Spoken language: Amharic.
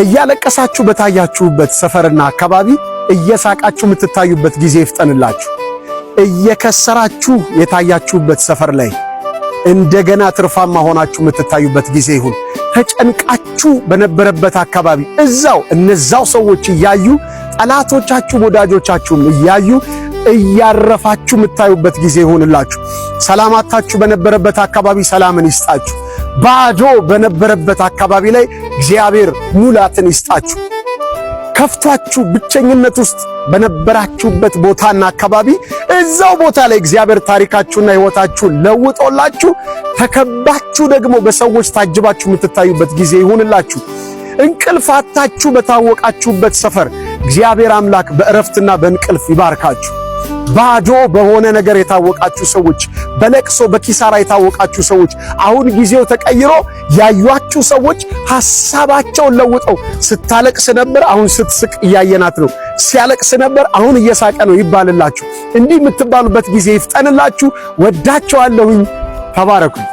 እያለቀሳችሁ በታያችሁበት ሰፈርና አካባቢ እየሳቃችሁ የምትታዩበት ጊዜ ይፍጠንላችሁ። እየከሰራችሁ የታያችሁበት ሰፈር ላይ እንደገና ትርፋማ ሆናችሁ የምትታዩበት ጊዜ ይሁን። ተጨንቃችሁ በነበረበት አካባቢ እዛው እነዛው ሰዎች እያዩ ጠላቶቻችሁም ወዳጆቻችሁም እያዩ እያረፋችሁ የምታዩበት ጊዜ ይሁንላችሁ። ሰላም አታችሁ በነበረበት አካባቢ ሰላምን ይስጣችሁ። ባዶ በነበረበት አካባቢ ላይ እግዚአብሔር ሙላትን ይስጣችሁ። ከፍቷችሁ ብቸኝነት ውስጥ በነበራችሁበት ቦታና አካባቢ እዛው ቦታ ላይ እግዚአብሔር ታሪካችሁና ሕይወታችሁን ለውጦላችሁ ተከባችሁ ደግሞ በሰዎች ታጅባችሁ የምትታዩበት ጊዜ ይሁንላችሁ። እንቅልፍ አታችሁ በታወቃችሁበት ሰፈር እግዚአብሔር አምላክ በእረፍትና በእንቅልፍ ይባርካችሁ። ባዶ በሆነ ነገር የታወቃችሁ ሰዎች፣ በለቅሶ በኪሳራ የታወቃችሁ ሰዎች፣ አሁን ጊዜው ተቀይሮ ያዩአችሁ ሰዎች ሐሳባቸውን ለውጠው ስታለቅስ ነበር፣ አሁን ስትስቅ እያየናት ነው፣ ሲያለቅስ ነበር፣ አሁን እየሳቀ ነው ይባልላችሁ። እንዲህ የምትባሉበት ጊዜ ይፍጠንላችሁ። ወዳቸዋለሁኝ። ተባረኩኝ።